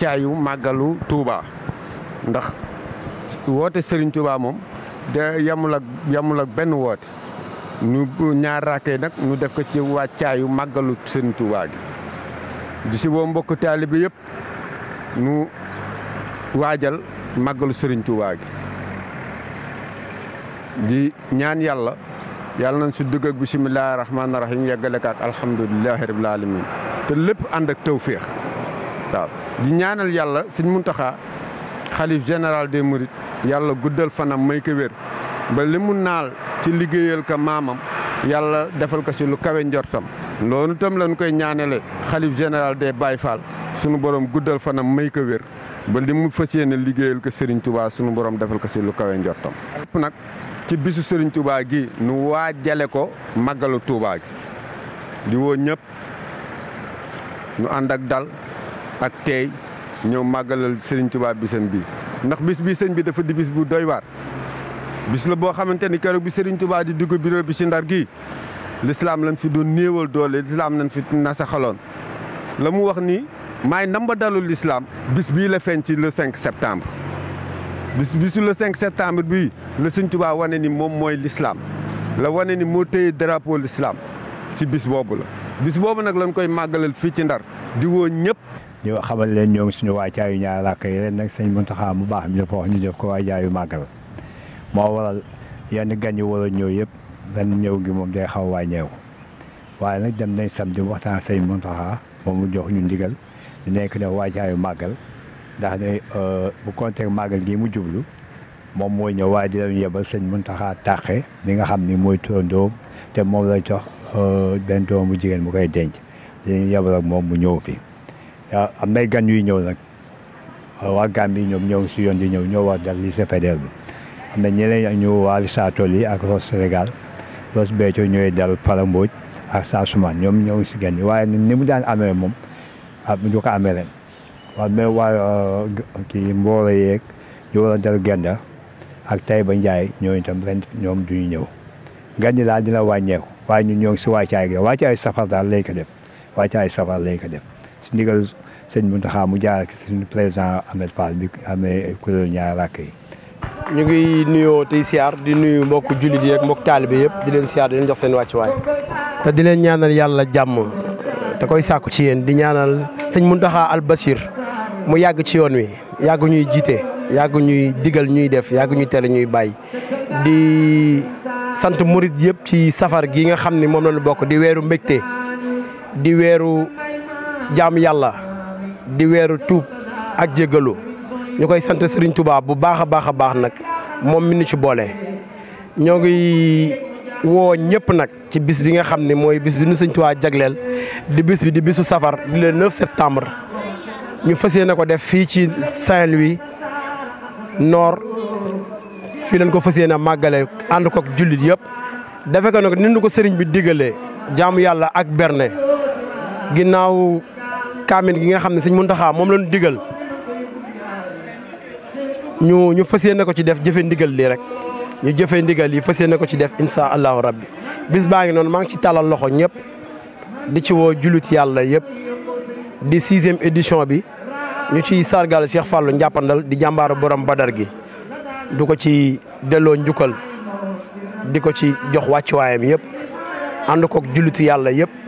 wàccaayu màggalu Touba ndax woote Serigne Touba moom de yamul ak benn woote ñu ñaar nag ñu def ko ci wàccaayu màggalu Serigne Touba gi di si woo mbokk taalibe yëpp ñu waajal màggalu Serigne Touba gi di ñaan yàlla yàlla nañ si dugg ak bisimilah rahmaani rahim yeggale ko ak alhamdulilahi rabil alamin te lépp ànd ak tawféex waaw di ñaanal yàlla sëñ Muntaxa xalif général des mourides yàlla guddal fanam may ko wér ba li mu naal ci liggéeyal ko maamam yàlla defal ko si lu kawe njortam loolu itam lañ koy ñaanale xalif général des Baye Fall sunu borom guddal fanam may ko wér ba li mu fas yéene liggéeyal ko Serigne tubaa sunu borom defal ko si lu kawe njortam. nag ci bisu sëriñ Touba gi nu waajale ko màggalu tuubaa gi di woo ñëpp ñu ànd ak dal. ak teey ñëw màggalal sëriñ Tuubaa bisam bii ndax bis bii sëñ bi dafa di bu doy waar bis la boo xamante ni keroog bi sëriñ Tuubaa di dugg bureau bi ci ndar gi lislaam lañ fi doon néewal doole lislaam lañ fi nasa xaloon la mu wax ni maay namba dalul lislaam bis bii la feeñ ci le 5 septembre bis bisu le 5 septembre bii la sëñ Tuubaa wane ni moom mooy lislaam la wane ni moo téye drapeau lislaam ci bis boobu la bis boobu nag lañ koy màggalal fii ci ndar di ñëpp ñu xamal leen ñoo ngi suñu waajaayu ñaari rakk yi ren nag sëñ Mountakha mu baax mi dafa wax ñu def ko waajaayu màggal moo waral yenn gan yi war a ñëw yëpp ren ñëw gi moom day xaw a wàññeeku waaye nag dem nañ samedi waxtaan ak sëñ Mountakha moom mu jox ñu ndigal di nekk ne waajaayu màggal ndax ne euh, bu compter màggal gi mu jublu moom mooy ñëw waaye di leen yebal sëñ Mountakha tàqe li nga xam ni mooy turandoom te moom la jox euh, benn doom bu jigéen mu koy denc di yebal mu ñëw fi. waaw am nay gan yu ñëw nag waa Gambie ñoom ñëw si yoon di ñëw ñoo war dal lycée PDL bi am na ñeneen ñu waa Saatol yi ak Ross Sénégal Ross Béthio ñooy e dal Palambodj ak Saasumaan ñoom ñëw si gan yi waaye ni mu daan amee moom ah du ko amee ren waaw mais waa kii Mboro yeeg ñu war a dal Genda ak Taïba Ndiaye ñooñu itam ren ñoom ñëw gan daal dina wàññeeku waaye ñun ñoo si wàccaay gi wàccaay safar daal lay ko def wàccaay safar lay ko def si ndigal sëñ Mountakha mu jaar ak suñu président Ahmed Fall bi amee kuréel ñaari rakk ñu ngi nuyoo tey siyaar di nuyu mbokk jullit yi ak mbokk taalibe yëpp di leen siyaar di leen jox seen wàccuwaay te di leen ñaanal yàlla jàmm te koy saaku ci yéen di ñaanal sëñ Mountakha Al Bachir mu yàgg ci yoon wi yàgg ñuy jiite yàgg ñuy digal ñuy def yàgg ñuy tere ñuy bàyyi di sant murit yëpp ci safar gi nga xam ni moom la ñu bokk di weeru mbégte di weeru jaam yàlla. di weeru tuub ak jéggalu ñu koy sant sëriñ Touba bu baax a baax a baax nag moom mi nu ci boole ñoo ngi woo ñëpp nag ci bis bi nga xam ni mooy bis bi nu Serigne Touba jagleel di bis bi di bisu safar di le 9 septembre ñu fas yéene ko def fii ci Saint-Louis noor fii leen ko fas yéene màggale ànd ko ak jullit yëpp defe ko nag ni nu ko sëriñ bi diggale jaamu yàlla ak berne ginnaaw kaamil gi nga xam ne sëñ Muntaxa moom lañu digal ñu ñu fas yéene ko ci def jëfe ndigal lii rek ñu jëfe ndigal yi fas yéene ko ci def insha allahu rabbi bis baa ngi noonu maa ngi ci tàllal loxo ñëpp di ci woo jullit yàlla yëpp di sixième édition bi ñu ciy sargal Cheikh Fallou njàppandal di jàmbaaru borom badar gi du ko ci delloo njukkal di ko ci jox wàccuwaayam yëpp ànd kook jullitu yàlla yëpp